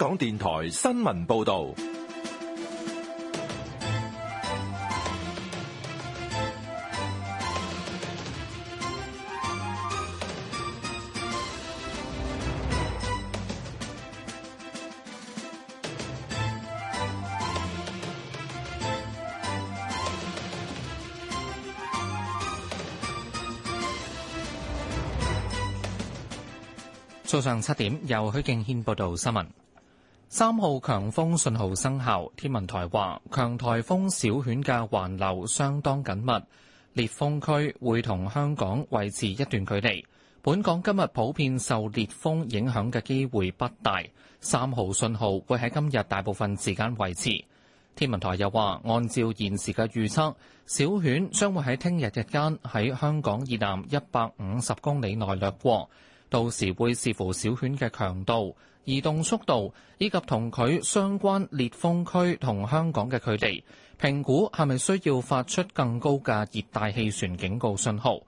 港電台新聞報道。早上七點，由許敬軒報道新聞。三號強風信號生效，天文台話，強颱風小犬嘅環流相當緊密，烈風區會同香港維持一段距離。本港今日普遍受烈風影響嘅機會不大，三號信號會喺今日大部分時間維持。天文台又話，按照現時嘅預測，小犬將會喺聽日日間喺香港以南一百五十公里內掠過。到時會視乎小犬嘅強度、移動速度，以及同佢相關烈風區同香港嘅距離，評估係咪需要發出更高嘅熱帶氣旋警告信號。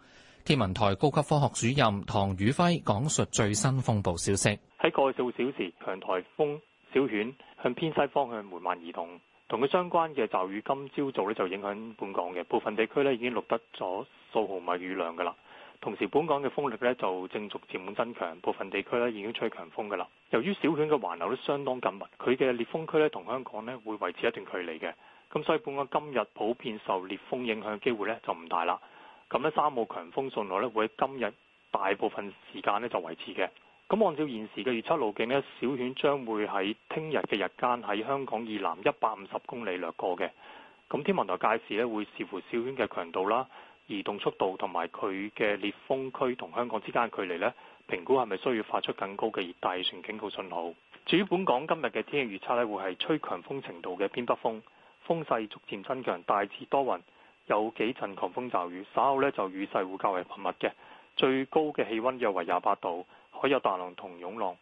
天文台高級科學主任唐宇輝講述最新風暴消息：喺過去數小，小時，強颱風小犬向偏西方向緩慢移動，同佢相關嘅驟雨今朝早咧就影響本港嘅部分地區咧已經錄得咗數毫米雨量㗎啦。同時，本港嘅風力咧就正逐漸，漸增強，部分地區咧已經吹強風㗎啦。由於小犬嘅環流都相當緊密，佢嘅烈風區咧同香港咧會維持一段距離嘅，咁所以本港今日普遍受烈風影響嘅機會咧就唔大啦。咁呢三號強風信號咧會喺今日大部分時間咧就維持嘅。咁按照現時嘅預測路徑咧，小犬將會喺聽日嘅日間喺香港以南一百五十公里掠過嘅。咁天文台屆時咧會視乎小犬嘅強度啦。移動速度同埋佢嘅烈風區同香港之間距離呢，評估係咪需要發出更高嘅熱帶氣旋警告信號？至於本港今日嘅天氣預測呢，會係吹強風程度嘅偏北風，風勢逐漸增強，大致多雲，有幾陣狂風驟雨，稍後呢，就雨勢會較為頻密嘅。最高嘅氣温約為廿八度，可有大浪同湧浪。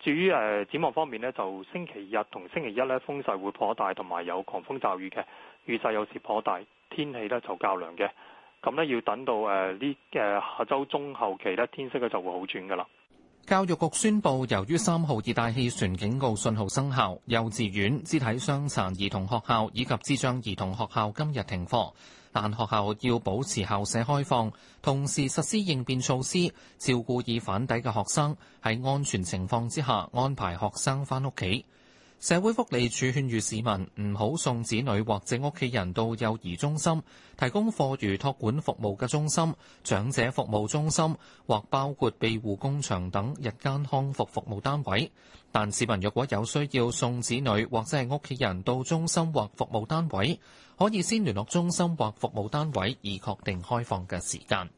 至於誒展望方面呢，就星期日同星期一呢，風勢會頗大，同埋有，有狂風驟雨嘅雨勢有時頗大，天氣呢就較涼嘅。咁呢，要等到誒呢誒下周中後期咧，天色咧就會好轉噶啦。教育局宣布，由於三號熱帶氣旋警告信號生效，幼稚園、肢體傷殘兒童學校以及智障兒童學校今日停課，但學校要保持校舍開放，同時實施應變措施，照顧已返抵嘅學生。喺安全情況之下，安排學生翻屋企。社會福利署勸喻市民唔好送子女或者屋企人到幼兒中心、提供課餘托管服務嘅中心、長者服務中心或包括庇護工場等日間康復服務單位。但市民若果有需要送子女或者係屋企人到中心或服務單位，可以先聯絡中心或服務單位以確定開放嘅時間。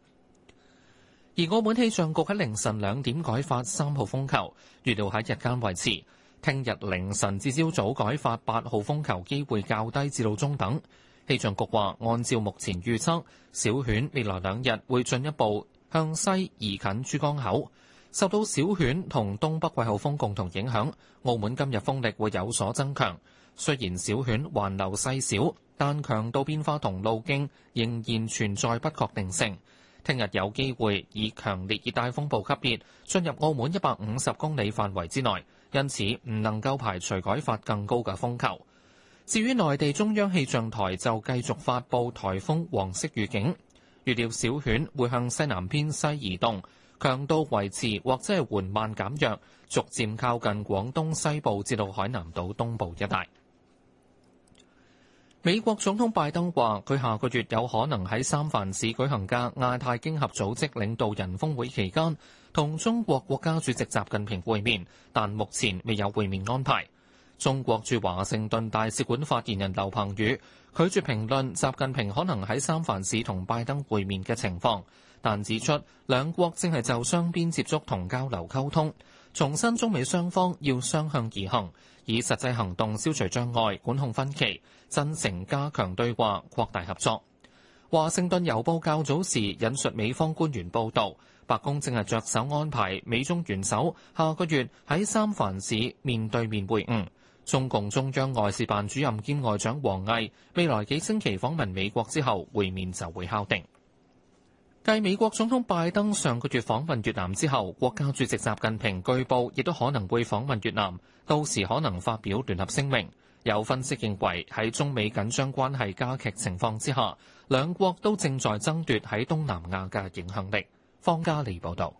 而澳門氣象局喺凌晨兩點改發三號風球，預料喺日間維持。聽日凌晨至朝早改發八號風球，機會較低至到中等。氣象局話，按照目前預測，小犬未來兩日會進一步向西移近珠江口，受到小犬同東北季候風共同影響，澳門今日風力會有所增強。雖然小犬環流細小，但強度變化同路徑仍然存在不確定性。聽日有機會以強烈熱帶風暴級別進入澳門一百五十公里範圍之內。因此唔能夠排除改發更高嘅風球。至於內地中央氣象台就繼續發佈颱風黃色預警，預料小犬會向西南偏西移動，強度維持或者係緩慢減弱，逐漸靠近廣東西部至到海南島東部一帶。美國總統拜登話佢下個月有可能喺三藩市舉行嘅亞太經合組織領導人峰會期間同中國國家主席習近平會面，但目前未有會面安排。中國駐華盛頓大使館發言人劉鵬宇拒絕評論習近平可能喺三藩市同拜登會面嘅情況，但指出兩國正係就雙邊接觸同交流溝通。重申中美雙方要相向而行，以實際行動消除障礙，管控分歧，真誠加強對話，擴大合作。華盛頓郵報較早時引述美方官員報道，白宮正係着手安排美中元首下個月喺三藩市面對面會晤。中共中央外事辦主任兼外長王毅未來幾星期訪問美國之後，會面就會敲定。繼美國總統拜登上個月訪問越南之後，國家主席習近平據報亦都可能會訪問越南，到時可能發表聯合聲明。有分析認為，喺中美緊張關係加劇情況之下，兩國都正在爭奪喺東南亞嘅影響力。方家利報導。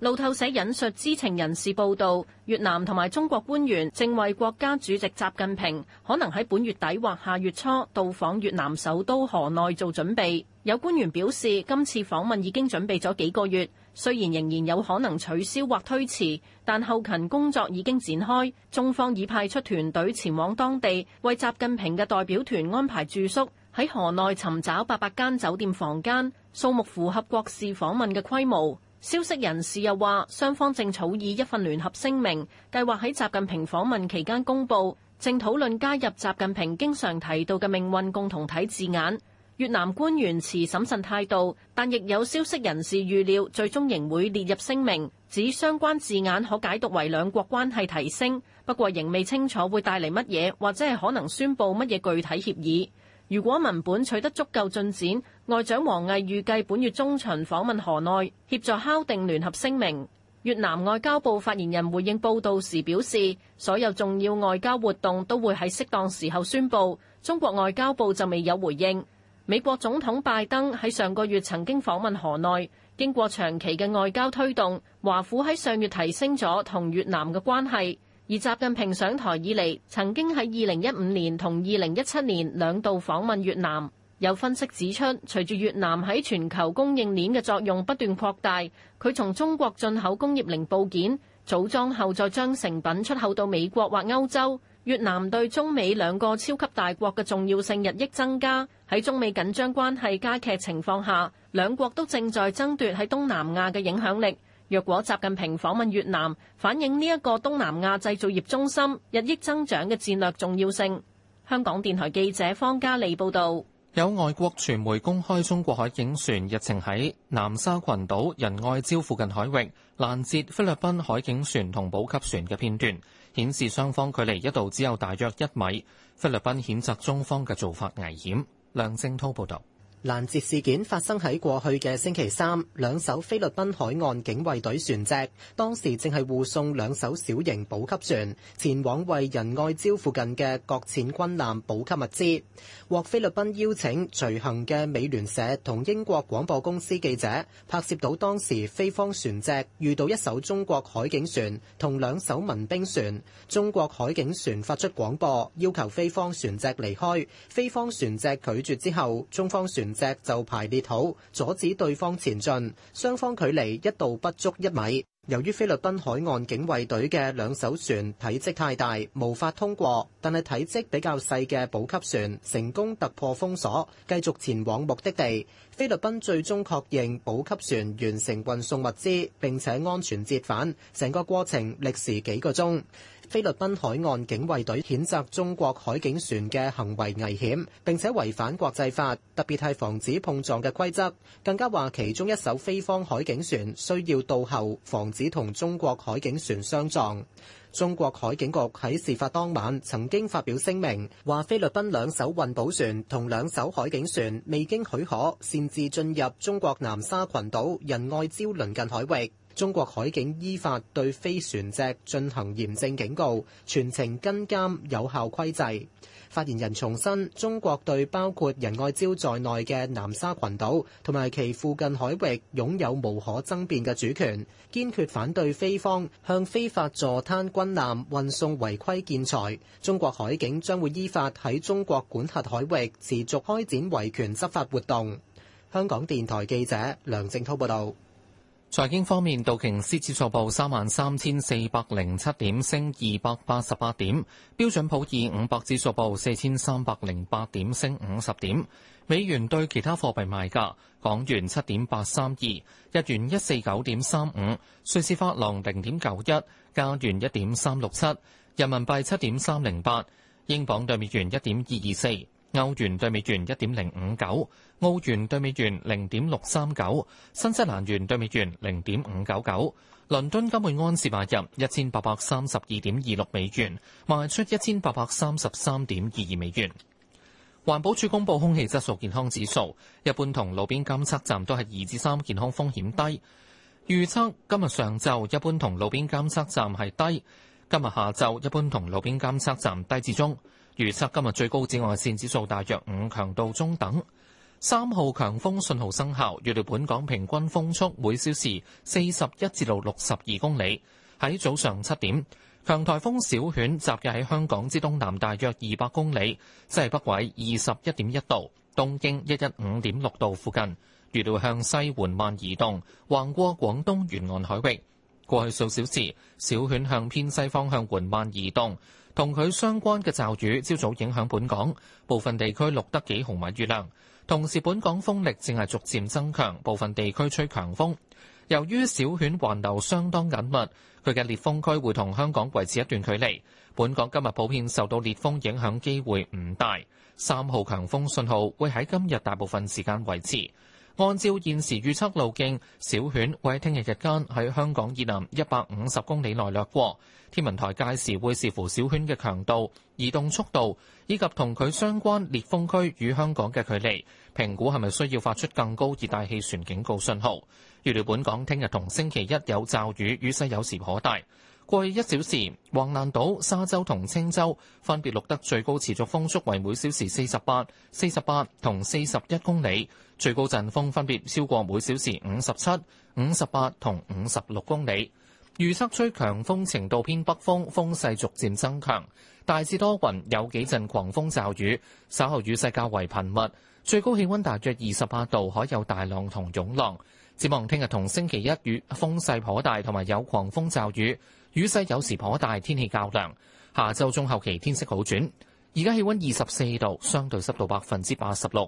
路透社引述知情人士報道，越南同埋中國官員正為國家主席習近平可能喺本月底或下月初到訪越南首都河內做準備。有官員表示，今次訪問已經準備咗幾個月，雖然仍然有可能取消或推遲，但後勤工作已經展開，中方已派出團隊前往當地，為習近平嘅代表團安排住宿，喺河內尋找八百間酒店房間，數目符合國事訪問嘅規模。消息人士又話，雙方正草擬一份聯合聲明，計劃喺習近平訪問期間公布，正討論加入習近平經常提到嘅命運共同體字眼。越南官員持審慎態度，但亦有消息人士預料，最終仍會列入聲明，指相關字眼可解讀為兩國關係提升，不過仍未清楚會帶嚟乜嘢，或者係可能宣布乜嘢具體協議。如果文本取得足夠進展，外長王毅預計本月中旬訪問河內，協助敲定聯合聲明。越南外交部發言人回應報道時表示，所有重要外交活動都會喺適當時候宣布，中國外交部就未有回應。美國總統拜登喺上個月曾經訪問河內，經過長期嘅外交推動，華府喺上月提升咗同越南嘅關係。而習近平上台以嚟，曾經喺二零一五年同二零一七年兩度訪問越南。有分析指出，隨住越南喺全球供應鏈嘅作用不斷擴大，佢從中國進口工業零部件，組裝後再將成品出口到美國或歐洲。越南對中美兩個超級大國嘅重要性日益增加。喺中美緊張關係加劇情況下，兩國都正在爭奪喺東南亞嘅影響力。若果習近平訪問越南，反映呢一個東南亞製造業中心日益增長嘅戰略重要性。香港電台記者方嘉利報導。有外國傳媒公開中國海警船日前喺南沙群島仁愛礁附近海域攔截菲律賓海警船同補給船嘅片段。顯示雙方距離一度只有大約一米，菲律賓譴責中方嘅做法危險。梁正滔報道。攔截事件發生喺過去嘅星期三，兩艘菲律賓海岸警衛隊船隻當時正係護送兩艘小型補給船前往為仁愛礁附近嘅擱淺軍艦補給物資，獲菲律賓邀請隨行嘅美聯社同英國廣播公司記者拍攝到當時菲方船隻遇到一艘中國海警船同兩艘民兵船，中國海警船發出廣播要求菲方船隻離開，菲方船隻拒絕之後中方船。隻就排列好，阻止對方前進。雙方距離一度不足一米。由於菲律賓海岸警衛隊嘅兩艘船體積太大，無法通過，但係體積比較細嘅補給船成功突破封鎖，繼續前往目的地。菲律賓最終確認補給船完成運送物資，並且安全折返，成個過程歷時幾個鐘。菲律賓海岸警衛隊譴責中國海警船嘅行為危險，並且違反國際法，特別係防止碰撞嘅規則。更加話其中一艘菲方海警船需要倒後，防止同中國海警船相撞。中國海警局喺事發當晚曾經發表聲明，話菲律賓兩艘運保船同兩艘海警船未經許可擅自進入中國南沙群島仁愛礁鄰近海域。中國海警依法對菲船隻進行嚴正警告，全程跟監，有效規制。發言人重申，中國對包括仁愛礁在內嘅南沙群島同埋其附近海域擁有無可爭辯嘅主權，堅決反對菲方向非法坐灘、軍艦運送違規建材。中國海警將會依法喺中國管轄海域持續開展維權執法活動。香港電台記者梁正滔報道。財經方面，道瓊斯指數報三萬三千四百零七點，升二百八十八點；標準普爾五百指數報四千三百零八點，升五十點。美元對其他貨幣賣價：港元七點八三二，日元一四九點三五，瑞士法郎零點九一，加元一點三六七，人民幣七點三零八，英鎊兌美元一點二二四。歐元對美元一點零五九，澳元對美元零點六三九，新西蘭元對美元零點五九九。倫敦金每安士買入一千八百三十二點二六美元，賣出一千八百三十三點二二美元。環保署公布空氣質素健康指數，一般同路邊監測站都係二至三，3，健康風險低。預測今日上晝一般同路邊監測站係低，今日下晝一般同路邊監測站低至中。預測今日最高紫外線指數大約五，強度中等。三號強風信號生效，預料本港平均風速每小時四十一至到六十二公里。喺早上七點，強颱風小犬集結喺香港之東南大約二百公里，即係北緯二十一點一度，東經一一五點六度附近。預料向西緩慢移動，橫過廣東沿岸海域。過去數小時，小犬向偏西方向緩慢移動。同佢相關嘅驟雨，朝早影響本港，部分地區錄得幾毫米雨量。同時，本港風力正係逐漸增強，部分地區吹強風。由於小犬環流相當緊密，佢嘅烈風區會同香港維持一段距離。本港今日普遍受到烈風影響機會唔大，三號強風信號會喺今日大部分時間維持。按照現時預測路徑，小犬會喺聽日日間喺香港以南一百五十公里內掠過。天文台屆時會視乎小犬嘅強度、移動速度，以及同佢相關烈風區與香港嘅距離，評估係咪需要發出更高熱帶氣旋警告信號。預料本港聽日同星期一有驟雨，雨勢有時可大。過去一小時，橫瀾島、沙洲同青洲分別錄得最高持續風速為每小時四十八、四十八同四十一公里，最高陣風分別超過每小時五十七、五十八同五十六公里。預測吹強風程度偏北風，風勢逐漸增強，大致多雲，有幾陣狂風驟雨，稍後雨勢較為頻密，最高氣溫大約二十八度，可有大浪同湧浪。展望聽日同星期一雨，風勢頗大，同埋有，有狂風驟雨。雨勢有時頗大，天氣較涼。下周中後期天色好轉，而家氣溫二十四度，相對濕度百分之八十六。